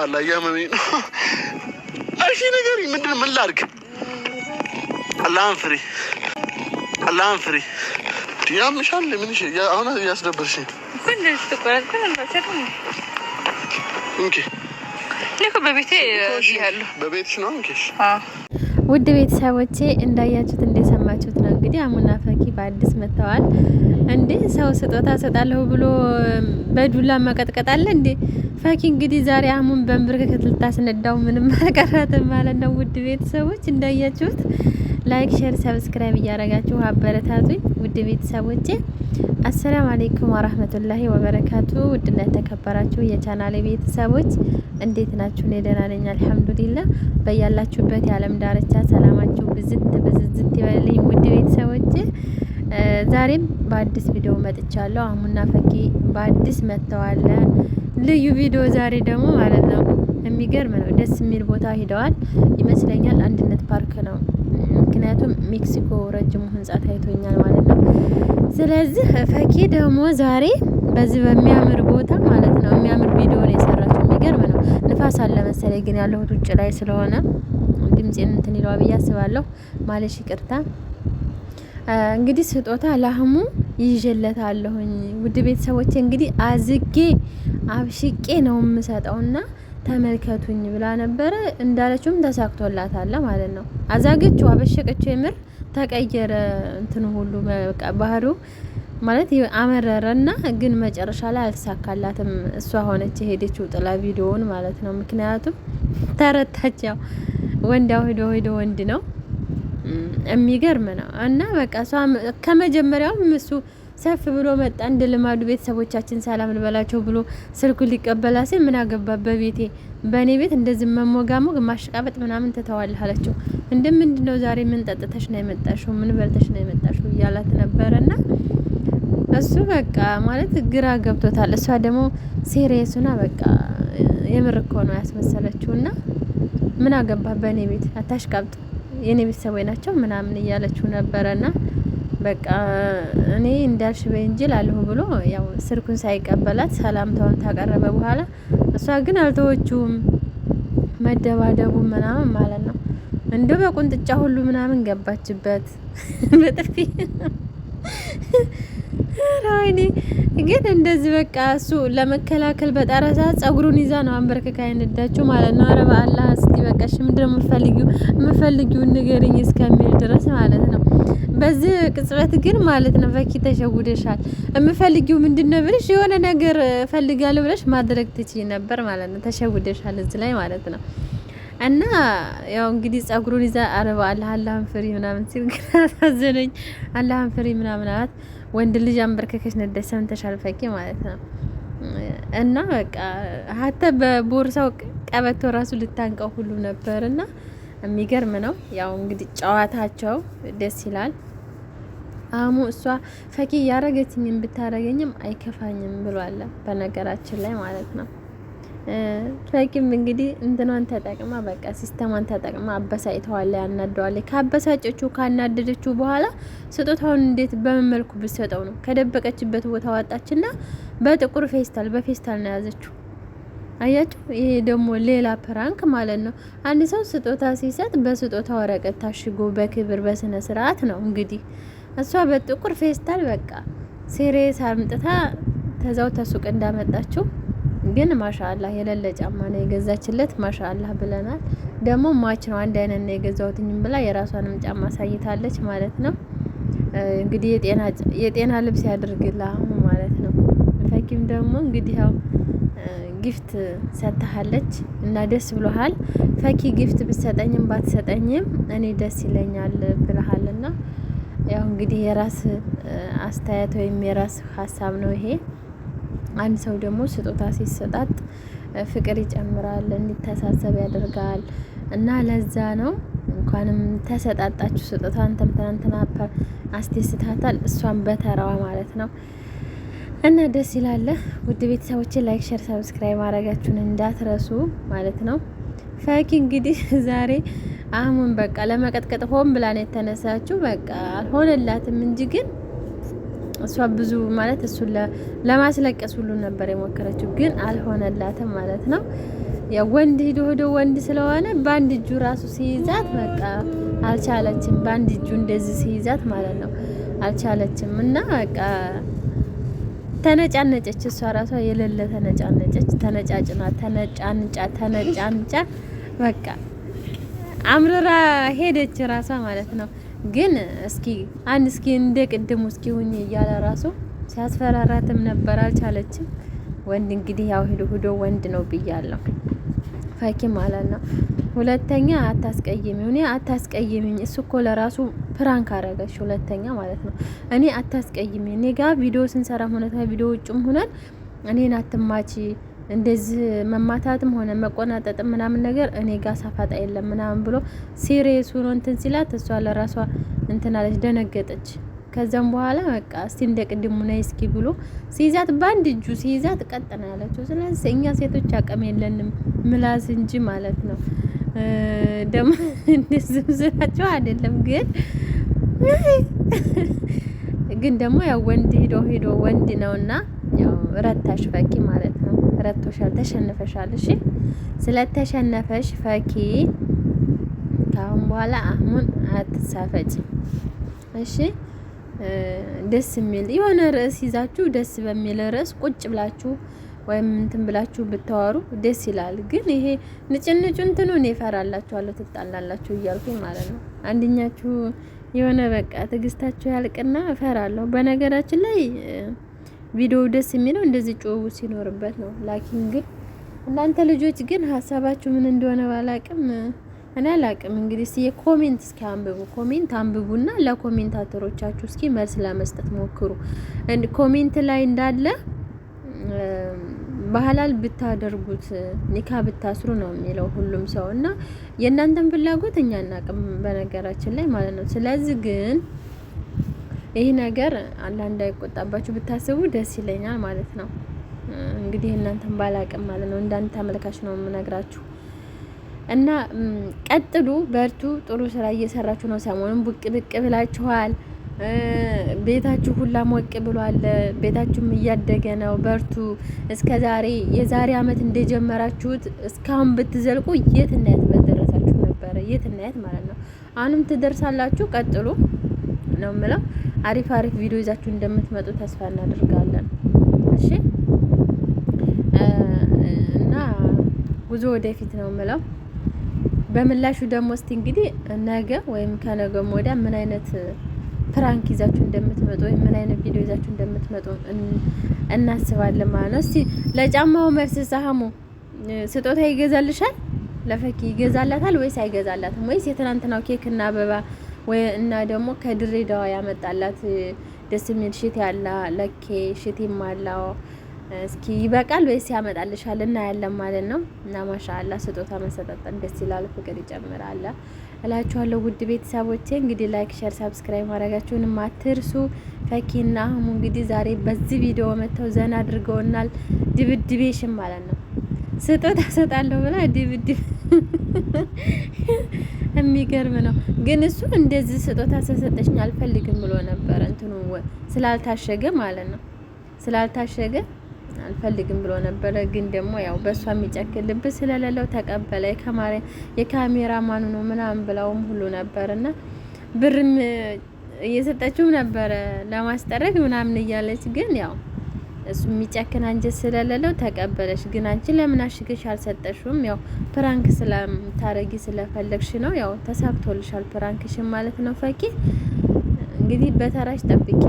በኋላ እያመመኝ ነው። እሺ ነገር ምንድን ምን ላድርግ? አላህን ፍሪ፣ አላህን ፍሪ። ያምሻል። ምን ሽ አሁን በቤቴ ያለሁ በቤትሽ ነው። ውድ ቤተሰቦቼ እንዳያችሁት እንደሰማ እንዳያችሁት ነው እንግዲህ አሙና ፈኪ በአዲስ መጥተዋል። እንዴ ሰው ስጦታ ሰጣለሁ ብሎ በዱላ መቀጥቀጥ አለ እንዴ? ፈኪ እንግዲህ ዛሬ አሙን በንብርክክት ልታስነዳው ምንም አልቀራትም ማለት ነው። ውድ ቤተሰቦች እንዳያችሁት ላይክ፣ ሼር፣ ሰብስክራይብ እያደረጋችሁ አበረታቱኝ ውድ ቤተሰቦቼ። አሰላም አሌይኩም ወራህመቱላሂ ወበረካቱ። ውድና የተከበራችሁ የቻናሌ ቤተሰቦች እንዴት ናችሁ? እኔ ደህና ነኝ አልሐምዱሊላ። በያላችሁበት የዓለም ዳርቻ ሰላማችሁ ብዝት ብዝዝት ይበልልኝ ውድ ቤተሰቦቼ። ዛሬም በአዲስ ቪዲዮ መጥቻለሁ። አሙና ፈኪ በአዲስ መጥተዋል። ልዩ ቪዲዮ ዛሬ ደግሞ ማለት ነው የሚገርም ነው። ደስ የሚል ቦታ ሂደዋል ይመስለኛል። አንድነት ፓርክ ነው። ምክንያቱም ሜክሲኮ ረጅሙ ህንጻ ታይቶኛል ማለት ነው። ስለዚህ ፈኪ ደግሞ ዛሬ በዚህ በሚያምር ቦታ ማለት ነው የሚያምር ቪዲዮ ነው የሰራችው። የሚገርም ነው። ንፋስ አለ መሰለኝ፣ ግን ያለሁት ውጭ ላይ ስለሆነ ድምፄን እንትን ይለዋ ብዬ አስባለሁ። ማለሽ ይቅርታ። እንግዲህ ስጦታ ላህሙ ይዤለታለሁኝ። ውድ ቤተሰቦቼ እንግዲህ አዝጌ አብሽቄ ነው የምሰጠውና ተመልከቱኝ ብላ ነበረ እንዳለችውም ተሳክቶላታል ማለት ነው። አዛገችው፣ አበሸቀችው። የምር ተቀየረ እንትን ሁሉ ባህሪው ማለት አመረረና ግን መጨረሻ ላይ አልተሳካላትም። እሷ ሆነች የሄደችው ጥላ ቪዲዮውን ማለት ነው። ምክንያቱም ተረታች። ያው ወንዳው ሄዶ ሄዶ ወንድ ነው የሚገርም ነው። እና በቃ እሷ ከመጀመሪያውም እሱ ሰፍ ብሎ መጣ። እንደ ልማዱ ቤተሰቦቻችን ሰላም ልበላቸው ብሎ ስልኩ ሊቀበላ ሲል ምን አገባ በቤቴ በእኔ ቤት እንደዚህ መሞጋሞግ ማሽቃበጥ ምናምን ትተዋለህ አለችው። እንደ ምንድን ነው ዛሬ ምን ጠጥተሽ ነው የመጣሽው? ምን በልተሽ ነው የመጣሽው? እያላት ነበረና እሱ በቃ ማለት ግራ ገብቶታል። እሷ ደግሞ ሴሪየሱና በቃ የምር እኮ ነው ያስመሰለችው። እና ምን አገባ በእኔ ቤት አታሽቃብጥ፣ የእኔ ቤተሰቦች ናቸው ምናምን እያለችው ነበረና በቃ እኔ እንዳልሽ በይ እንጂ ላለሁ ብሎ ያው ስልኩን ሳይቀበላት ሰላምታውን ታቀረበ በኋላ እሷ ግን አልተወችውም። መደባደቡ ምናምን ማለት ነው። እንደ በቁንጥጫ ሁሉ ምናምን ገባችበት በጥፊ ራይኔ ግን እንደዚህ በቃ እሱ ለመከላከል በጠረሳ ጸጉሩን ይዛ ነው አንበርክካ ያነዳችው ማለት ነው። ኧረ በአላህ እስቲ በቃ ሽምድር የምፈልጊውን ንገርኝ እስከሚል ድረስ ማለት ነው። በዚህ ቅጽበት ግን ማለት ነው በኪ ተሸውደሻል። የምፈልጊው ምንድን ነው ብለሽ የሆነ ነገር ፈልጋለሁ ብለሽ ማድረግ ትችይ ነበር ማለት ነው። ተሸውደሻል እዚህ ላይ ማለት ነው። እና ያው እንግዲህ ጸጉሩን ይዛ አረባ አላህ አላህን ፍሪ ምናምን ሲል ግን አሳዘነኝ። አላህን ፍሪ ምናምን አላት። ወንድ ልጅ አንበርከከሽ ነደሽ ሰምተሻል ፈኪ ማለት ነው። እና በቃ ሀተ በቦርሳው ቀበቶ ራሱ ልታንቀው ሁሉ ነበር እና የሚገርም ነው። ያው እንግዲህ ጨዋታቸው ደስ ይላል። አህሙ እሷ ፈኪ ያረገችኝን ብታረገኝም አይከፋኝም ብሏል። በነገራችን ላይ ማለት ነው። ፈኪም እንግዲህ እንትኗን ተጠቅማ በቃ ሲስተማን ተጠቅማ አበሳጭተዋል፣ ያናደዋል። ካበሳጨችው ካናደደችው በኋላ ስጦታውን እንዴት በምን መልኩ ብትሰጠው ነው? ከደበቀችበት ቦታ ዋጣችና በጥቁር ፌስታል በፌስታል ነው ያዘችው። አያችሁ፣ ይሄ ደግሞ ሌላ ፕራንክ ማለት ነው። አንድ ሰው ስጦታ ሲሰጥ በስጦታ ወረቀት ታሽጎ በክብር በስነ ስርዓት ነው እንግዲህ እሷ በጥቁር ፌስታል በቃ ሴሬስ አምጥታ ተዛው ተሱቅ እንዳመጣችው ግን ማሻአላህ የሌለ ጫማ ነው የገዛችለት። ማሻአላህ ብለናል። ደግሞ ማች ነው አንድ አይነት ነው የገዛሁትኝም ብላ የራሷንም ጫማ አሳይታለች ማለት ነው። እንግዲህ የጤና የጤና ልብስ ያድርግላ ማለት ነው። ፈኪም ደግሞ እንግዲህ ያው ጊፍት ሰጥታለች እና ደስ ብሎሃል ፈኪ። ጊፍት ብትሰጠኝም ባትሰጠኝም እኔ ደስ ይለኛል ብለሃልና ያው እንግዲህ የራስ አስተያየት ወይም የራስ ሀሳብ ነው ይሄ። አንድ ሰው ደግሞ ስጦታ ሲሰጣጥ ፍቅር ይጨምራል፣ እንዲተሳሰብ ያደርጋል እና ለዛ ነው እንኳንም ተሰጣጣችሁ ስጦታ አንተም ትናንትና አስደስታታል እሷን በተራዋ ማለት ነው። እና ደስ ይላል። ውድ ቤተሰቦችን ላይክ፣ ሸር፣ ሰብስክራይብ ማድረጋችሁን እንዳትረሱ ማለት ነው። ፈኪ እንግዲህ ዛሬ አህሙን በቃ ለመቀጥቀጥ ሆን ብላን የተነሳችው በቃ አልሆነላትም እንጂ ግን እሷ ብዙ ማለት እሱን ለማስለቀስ ሁሉ ነበር የሞከረችው፣ ግን አልሆነላትም ማለት ነው። ያው ወንድ ሂዶ ሂዶ ወንድ ስለሆነ በአንድ እጁ ራሱ ሲይዛት በቃ አልቻለችም። በአንድ እጁ እንደዚህ ሲይዛት ማለት ነው አልቻለችም። እና በቃ ተነጫነጨች። እሷ ራሷ የሌለ ተነጫነጨች። ተነጫጭና ተነጫንጫ ተነጫንጫ በቃ አምርራ ሄደች ራሷ ማለት ነው። ግን እስኪ አንድ እስኪ እንደ ቅድሙ እስኪ ሁኝ እያለ ራሱ ሲያስፈራራትም ነበር፣ አልቻለችም። ወንድ እንግዲህ ያው ሂዶ ሂዶ ወንድ ነው ብያለሁ ፈኪ ማለት ነው። ሁለተኛ አታስቀይሚው፣ እኔ አታስቀይሚኝ። እሱ እኮ ለራሱ ፕራንክ አረገች። ሁለተኛ ማለት ነው እኔ አታስቀይሚኝ። እኔ ጋር ቪዲዮ ስንሰራ ሆነ ቪዲዮ ውጭም ሆነን እኔን አትማቺ እንደዚህ መማታትም ሆነ መቆናጠጥም ምናምን ነገር እኔ ጋር ሳፋጣ የለም ምናምን ብሎ ሲሪየስ ሆኖ እንትን ሲላት እሷ ለራሷ እንትን አለች፣ ደነገጠች። ከዛም በኋላ በቃ እስቲ እንደ ቅድሙ ነይ እስኪ ብሎ ሲይዛት በአንድ እጁ ሲይዛት ቀጥና ያለችው። ስለዚህ እኛ ሴቶች አቅም የለንም ምላስ እንጂ ማለት ነው። ደግሞ እንደዚህ ስላቸው አይደለም ግን ግን ደግሞ ያው ወንድ ሂዶ ሂዶ ወንድ ነውና ረታሽ ፈኪ ማለት ነው። ረቶሻል፣ ተሸንፈሻል። እሺ ስለተሸነፈሽ ፈኪ ከአሁን በኋላ አህሙን አትሳፈጭ። እሺ ደስ የሚል የሆነ ርዕስ ይዛችሁ ደስ በሚል ርዕስ ቁጭ ብላችሁ ወይም እንትን ብላችሁ ብታወሩ ደስ ይላል። ግን ይሄ ንጭንጩ እንትኑ እኔ እፈራላችኋለሁ፣ ትጣላላችሁ እያልኩኝ ማለት ነው። አንደኛችሁ የሆነ በቃ ትዕግስታችሁ ያልቅና እፈራለሁ። በነገራችን ላይ ቪዲዮው ደስ የሚለው እንደዚህ ጮቡ ሲኖርበት ነው። ላኪን ግን እናንተ ልጆች ግን ሀሳባችሁ ምን እንደሆነ ባላቅም እኔ አላቅም። እንግዲህ እስኪ የኮሜንት እስኪ አንብቡ፣ ኮሜንት አንብቡና ለኮሜንታተሮቻችሁ እስኪ መልስ ለመስጠት ሞክሩ። ኮሜንት ላይ እንዳለ ባህላል ብታደርጉት ኒካ ብታስሩ ነው የሚለው ሁሉም ሰው እና የእናንተን ፍላጎት እኛ አናቅም በነገራችን ላይ ማለት ነው። ስለዚህ ግን ይህ ነገር አላ እንዳይቆጣባችሁ ብታስቡ ደስ ይለኛል ማለት ነው። እንግዲህ እናንተን ባላቅም ማለት ነው፣ እንዳንተ ተመልካች ነው የምነግራችሁ። እና ቀጥሉ፣ በርቱ። ጥሩ ስራ እየሰራችሁ ነው። ሰሞኑን ብቅ ብቅ ብላችኋል። ቤታችሁ ሁላ ሞቅ ብሏል። ቤታችሁም እያደገ ነው። በርቱ። እስከ ዛሬ የዛሬ አመት እንደጀመራችሁት እስካሁን ብትዘልቁ የት እናያት በደረሳችሁ ነበረ። የት እናያት ማለት ነው። አሁንም ትደርሳላችሁ። ቀጥሉ። ነው የምለው። አሪፍ አሪፍ ቪዲዮ ይዛችሁ እንደምትመጡ ተስፋ እናደርጋለን። እሺ እና ጉዞ ወደፊት ነው የምለው። በምላሹ ደግሞ እስቲ እንግዲህ ነገ ወይም ከነገም ወዲያ ምን አይነት ፕራንክ ይዛችሁ እንደምትመጡ ወይም ምን አይነት ቪዲዮ ይዛችሁ እንደምትመጡ እናስባለን ማለት ነው። እስቲ ለጫማው መልስ ሳሙ ስጦታ ይገዛልሻል? ለፈኪ ይገዛላታል ወይስ አይገዛላትም? ወይስ የትናንትናው ኬክ እና አበባ ወይ እና ደግሞ ከድሬዳዋ ያመጣላት ደስ የሚል ሽት ያለ ለኬ ሽት ይማላው እስኪ ይበቃል ወይስ ያመጣልሻል? እናያለን ማለት ነው። እና ማሻአላ ስጦታ መሰጠጠን ደስ ይላል፣ ፍቅር ይጨምራል እላችኋለሁ። ውድ ቤተሰቦቼ እንግዲህ ላይክ፣ ሼር፣ ሰብስክራይብ ማድረጋችሁን ማትርሱ። ፈኪና አህሙ እንግዲህ ዛሬ በዚህ ቪዲዮ መጥተው ዘና አድርገውናል፣ ድብድቤሽን ማለት ነው። ስጦታ ሰጣለሁ ብላ ድብድብ የሚገርም ነው። ግን እሱ እንደዚህ ስጦታ ስለሰጠችኝ አልፈልግም ብሎ ነበረ። እንትኑ ስላልታሸገ ማለት ነው ስላልታሸገ አልፈልግም ብሎ ነበረ። ግን ደግሞ ያው በእሷ የሚጨክል ልብ ስለሌለው ተቀበለ። የካሜራ ማኑ ነው ምናምን ብለውም ሁሉ ነበርና ብርም እየሰጠችውም ነበረ ለማስጠረግ ምናምን እያለች ግን ያው እሱ የሚጨክን አንጀት ስለሌለው ተቀበለሽ። ግን አንቺ ለምን አሽግሽ አልሰጠሽውም? ያው ፕራንክ ስለምታረጊ ስለፈለግሽ ነው። ያው ተሳክቶልሻል ፕራንክሽን ማለት ነው። ፈኪ እንግዲህ በተራሽ ጠብቂ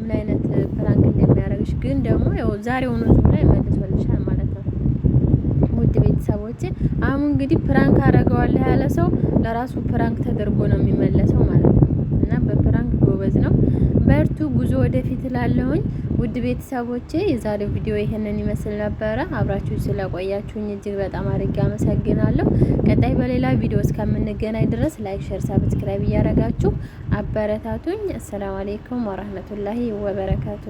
ምን አይነት ፕራንክ እንደሚያደርግሽ። ግን ደግሞ ያው ዛሬውኑ ላይ መልሶልሻል ማለት ነው። ውድ ቤተሰቦቼ አሁን እንግዲህ ፕራንክ አረገዋለሁ ያለ ሰው ለራሱ ፕራንክ ተደርጎ ነው የሚመለሰው ማለት ነው። እና በፕራንክ ጎበዝ ነው። በርቱ፣ ጉዞ ወደፊት ላለሁኝ ውድ ቤተሰቦቼ የዛሬው ቪዲዮ ይህንን ይመስል ነበረ። አብራችሁ ስለቆያችሁኝ እጅግ በጣም አድርጌ አመሰግናለሁ። ቀጣይ በሌላ ቪዲዮ እስከምንገናኝ ድረስ ላይክ፣ ሼር፣ ሳብስክራይብ እያረጋችሁ አበረታቱኝ። አሰላሙ አሌይኩም ወረህመቱላሂ ወበረከቱ